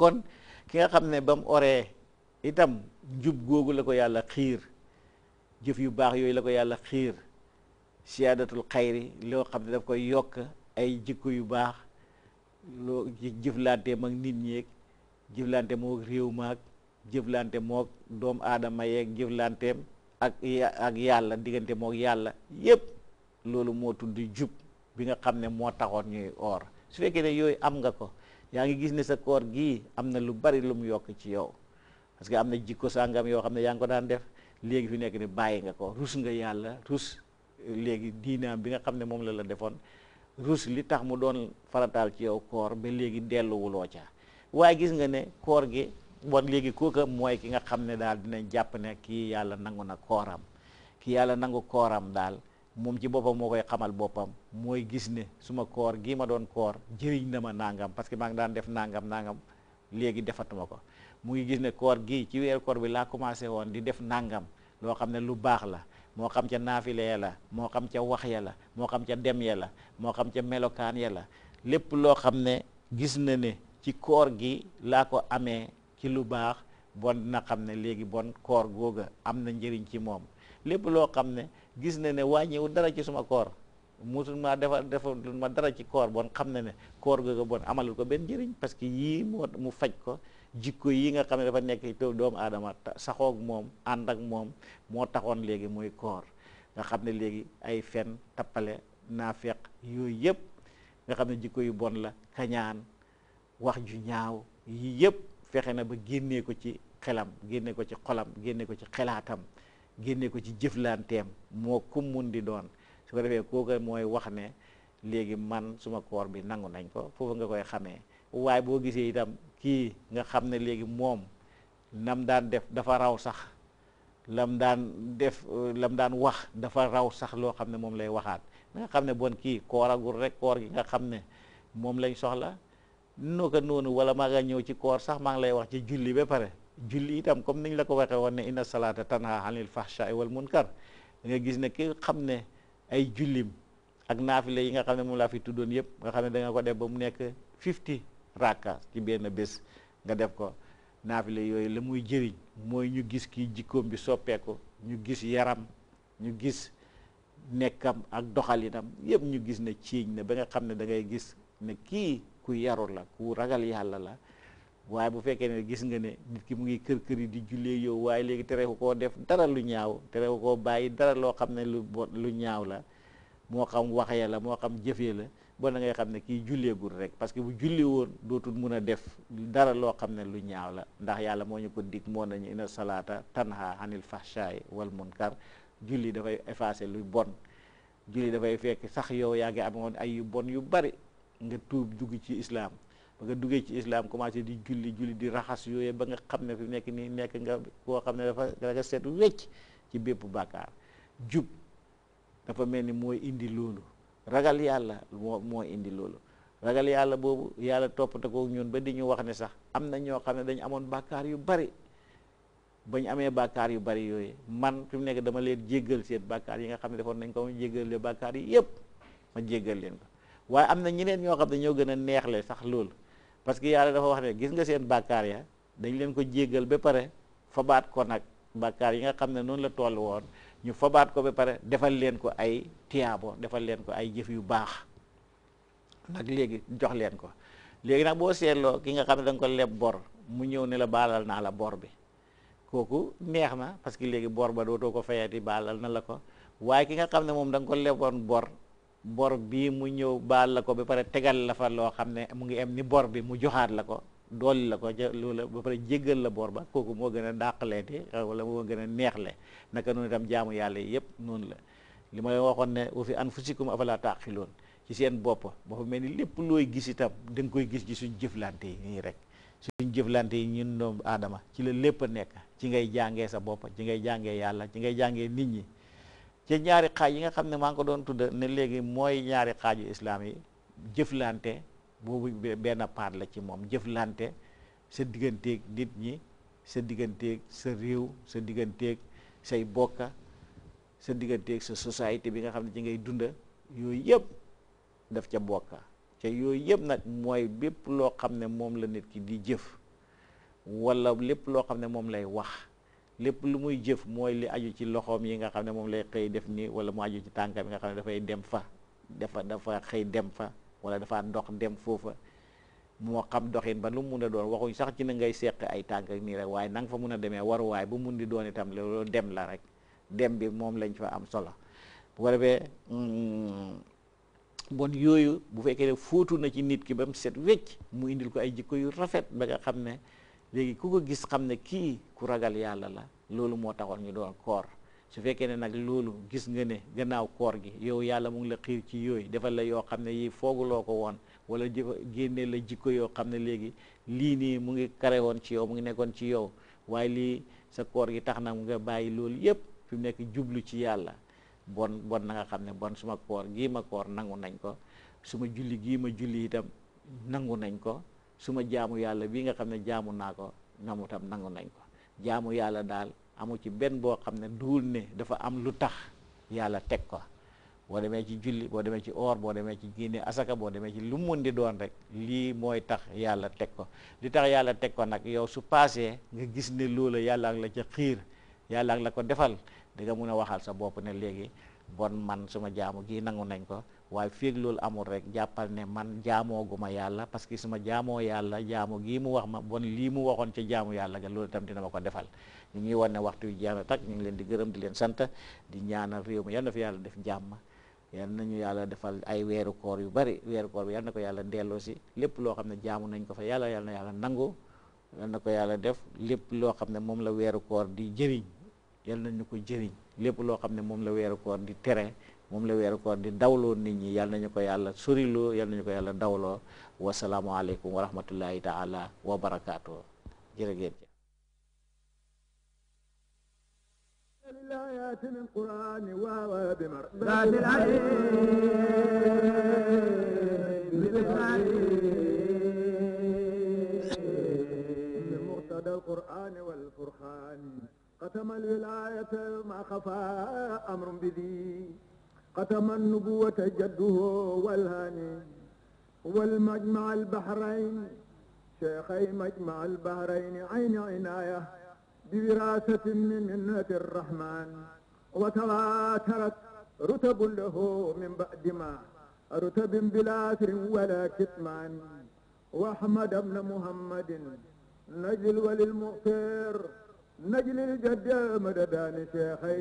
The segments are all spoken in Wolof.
kon ki nga xam ne ba mu oree itam jub googu la ko yàlla xiir jëf yu baax yooyu la ko yàlla xiir siyaadatul xayri loo xam ne daf koy yokk ay jikko yu baax loo jëflante mag nit ñeeg jëflante moog réew maag jëflante doomu aadama yeeg jëflanteem ak ak yàlla diggante moo yàlla yépp loolu moo tudd jub bi nga xam ne moo taxoon ñuy oor su fekkee ne yooyu am nga ko yaa ngi gis ne sa koor gii am na lu bari lu mu yokk ci yow parce que am na jikko sàngam yoo xam ne yaa ngi ko daan def léegi fi nekk ni bàyyi nga ko rus nga yàlla rus euh, léegi diinaam bi nga xam ne moom la la defoon rus li tax mu doon farataal ci yow koor ba léegi delluwuloo ca waaye gis nga ne koor gi bon léegi kooka mooy ki nga xam ne daal dinañ jàpp ne kii yàlla nangu na kooram kii yàlla nangu kooram daal moom ci boppam moo koy xamal boppam mooy gis ne suma koor gii ma doon koor jëriñ na ma nangam parce que maa ngi daan def nangam nangam léegi defatuma ko mu ngi gis ne koor gi ci weeru koor bi laa commencé woon di def nangam loo xam ne lu baax la moo xam ca naafile ya la moo xam ca wax ya la moo xam ca dem ya la moo xam ca melokaan ya la lépp loo xam ne gis na ne ci koor gi laa ko amee ci lu baax bon na xam ne léegi bon koor googa am na njëriñ ci moom loo xam ne gis na ne wàññiwu dara ci suma koor musul ma defa defal ma dara ci koor bon xam ne ne koor googu bon amalul ko benn njëriñ parce que yii moo mu faj ko jikko yi nga xam ne dafa nekk te doomu aadama saxoog moom ànd ak moom moo taxoon léegi muy koor nga xam ne léegi ay fen tappale naafeq yooyu yëpp nga xam ne jikko yu bon la kañaan wax ju ñaaw yii yëpp fexe na ba génnee ko ci xelam génnee ko ci xolam génnee ko ci xelaatam génne ko ci jëflanteem moo kum mun di doon su ko defee kooku mooy wax ne léegi man suma koor bi nangu nañ ko foofu nga koy xamee waaye boo gisee itam kii nga xam ne léegi moom nam daan def dafa raw sax lam daan def lam daan wax dafa raw sax loo xam ne moom lay waxaat nga xam ne bon kii kooragul rek koor gi nga xam ne moom lañ soxla noo ko noonu wala maa nga ñëw ci koor sax maa ngi lay wax ci julli ba pare julli itam comme niñ la ko waxee woon ne inna salaata tanha anil fahsha'i wal munkar da nga gis ne ki xam ne ay jullim ak naafile yi nga xam ne moom laa fi tuddoon yëpp nga xam ne da nga ba mu nekk fifty rakka ci benn bés nga def ko naafile yooyu la muy jëriñ mooy ñu gis kii jikkoom bi soppeeku ñu gis yaram ñu gis nekkam ak doxalinam yëpp ñu gis ne ciiñ ne ba nga xam ne da gis ne kii ku yaru la ku ragal yàlla la waaye bu fekkee ne gis nga ne nit ki mu ngi kër kër yi di jullee yow waaye léegi terewu koo def dara lu ñaaw terewu koo bàyyi dara loo xam ne lu lu ñaaw la moo xam waxee la moo xam jëfee la bon na ngay xam ne kii julleegul rek parce que bu julli woon dootul mun a def dara loo xam ne lu ñaaw la ndax yàlla moo ñu ko dig moo nañu ina salaata tanha anil fahshaay wal munkar julli dafay effacer lu bon julli dafay fekk sax yow yaa ngi amoon ay yu bon yu bari nga tuub dugg ci islaam ba nga duggee ci islam commencé di julli julli di raxas yooyu ba nga xam ne fi nekk nii nekk nga koo xam ne dafa nga seet wecc ci bépp bàkkaar jub dafa mel ni indi loolu ragal ala moo moo indi loolu ragal yàlla boobu yàlla toppatoo ko ñun ba di ñu wax ne sax am na ñoo xam yu bari bañ amee bàkkaar yu bari yooyu man fi mu nekk dama leen bakari seen bàkkaar yi nga xam ne defoon nañ ko ma jéggal leen yi yëpp ma jéggal leen ko waaye amna ñeneen ñoo xam ne ñoo gën a sax parce que yàlla dafa wax ne gis nga seen bàkkaar ya dañ leen ko jéggal ba pare fabaat ko nag bakkaar yi nga xam ne noonu la toll woon ñu fabaat ko ba pare defal leen ko ay tiyaabo defal leen ko ay jëf yu baax nag léegi jox leen ko léegi nag boo seetloo ki nga xam ne da ko leb bor mu ñëw ne la baalal naa la bor bi kooku neex na parce que léegi bor ba doo dootoo ko fayati balal na la ko waaye ki nga xam ne moom da ko leboon bor bor bii mu ñëw baal la ko ba pare tegal la fa loo xam ne mu ngi am ni bor bi mu joxaat la ko dool la ko ca loola ba pare jéggal la bor ba kooku moo gën a dàqaleeti euh, wala moo gën a neexle naka noonu itam jaamu yàlla yi yëpp noonu la li may waxoon ne wa fi anfusikum afala taqiloon ci seen bopp boofa mel ni lépp looy gis itam da koy gis ci suñ jëflante yi nii rek suñ jëflante yi ñun doomu aadama ci la lépp a nekk ci ngay jàngee sa bopp ci ngay jàngee yàlla ci ngay jàngee nit ñi ci ñaari xaaj yi nga xam ne maa ngi ko doon tudd ne léegi mooy ñaari xaaju islaam yi jëflante boobu benn part la ci moom jëflante sa digganteeg nit ñi sa digganteeg sa réew sa digganteeg say bokka sa digganteeg sa société bi nga xam ne ci ngay dunda yooyu yëpp daf ca bokka ca yooyu yëpp nag mooy bépp loo xam ne moom la nit ki di jëf wala lépp loo xam ne moom lay wax lépp lu muy jëf mooy li aju ci loxoom yi nga xam ne moom lay xëy def nii wala mu aju ci tànkam yi nga xam ne dafay dem fa dafa dafa xëy dem fa wala dafa dox dem foofa moo xam doxin ba lu mu mun a doon waxuñ sax ci na ngay seq ay tànk nii rek waaye na fa mun a demee waruwaay bu mun di doon itam loolu dem la rek dem bi moom lañ fa am solo bu ko mm, bon yooyu bu fekkee fóotu na ci nit ki ba mu set wecc mu indil ko ay jikko yu rafet ba nga xam ne léegi ku ko gis xam ne kii ku ragal yàlla la loolu moo taxoon ñu doon koor su fekkee ne nag loolu gis nga ne gannaaw koor gi yow yàlla mu ngi la xiir ci yooyu defal la yoo xam ne yii fooguloo ko woon wala génne la jikko yoo xam ne léegi lii nii mu ngi kare woon ci yow mu ngi nekkoon ci yow waaye lii sa koor gi tax na nga bàyyi loolu yépp fi mu nekk jublu ci yàlla bon bon na nga xam ne bon suma koor gii ma koor nangu nañ ko suma julli gii ma julli itam nangu nañ ko suma jaamu yàlla bii nga xam ne jaamu naa ko mu tam nangu nañ ko jaamu yàlla daal amul ci benn boo xam ne duul ne dafa am lu tax yàlla teg ko boo demee ci julli boo demee ci oor boo demee ci génne asaka boo demee ci lu mu di doon rek lii mooy tax yàlla teg ko li tax yàlla teg ko nag yow su paasee nga gis ne loola yàlla ak la ca xiir yàlla ak la ko defal di nga mun a waxal sa bopp ne léegi bon man suma jaamu gii nangu nañ ko waaye feeg loolu amul rek jàppal ne man jaamoo gu ma yàlla parce que su ma jaamoo yàlla jaamu gii mu wax ma bon lii mu waxoon ca jaamu yàlla ga loolu itam dina ma ko defal ñu ñuy wan ne waxtu wi jeex tak ñu ngi leen di gërëm di leen sant di ñaanal réew mi yal fi yàlla def jàmm yal nañu yàlla defal ay weeru koor yu bari weeru koor bi na ko yàlla delloo si lépp loo xam ne jaamu nañ ko fa yàlla yal yàlla nangu na ko yàlla def lépp loo xam ne moom la weeru koor di jëriñ yal nañu ko jëriñ lépp loo xam ne moom la weeru koor di tere moom la weeru koor di dawloo nit ñi yal nañu ko yàlla suriloo yal nañu ko yàlla dawloo wa rahmatullahi taala wa barakaatu jërë القرآن والفرحان الولاية ما ختم النبوة جده والهاني والمجمع البحرين شيخي مجمع البحرين عين عناية بوراثة من منة الرحمن وتواترت رتب له من بعد ما رتب بلا أثر ولا كتمان وأحمد بن محمد نجل المؤثر نجل الجد مددان شيخي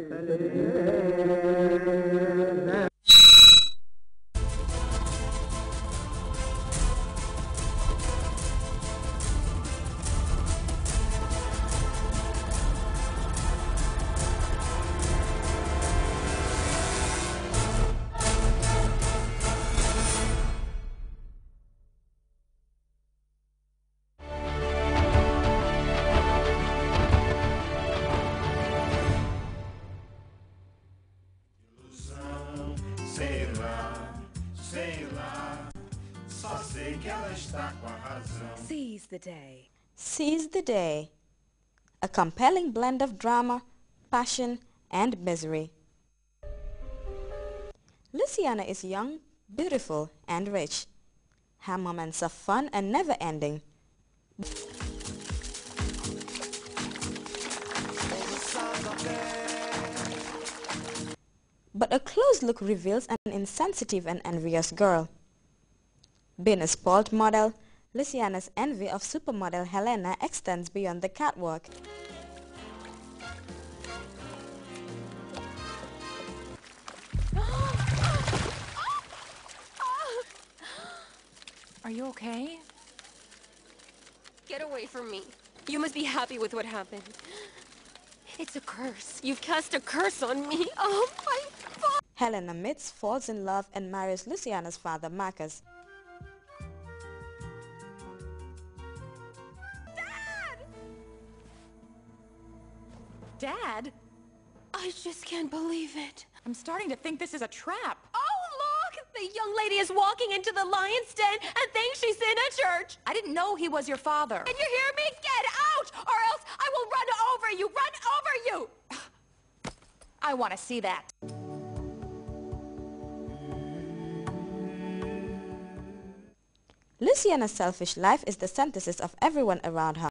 que ela está com a razão. Seize the day. Seize the day. A compelling blend of drama, passion, and misery. Luciana is young, beautiful, and rich. Her moments of fun are never-ending. But a close look reveals an insensitive and envious girl. Being a spoiled model, Luciana's envy of supermodel Helena extends beyond the catwalk. Are you okay? Get away from me. You must be happy with what happened. It's a curse. You've cast a curse on me. Oh my God. Helena Mitz falls in love and marries Luciana's father, Marcus. Dad? I just can't believe it. I'm starting to think this is a trap. Oh, look! The young lady is walking into the lion's den and thinks she's in a church. I didn't know he was your father. Can you hear me? Get out, or else I will run over you! Run over you! I want to see that. Luciana's selfish life is the synthesis of everyone around her.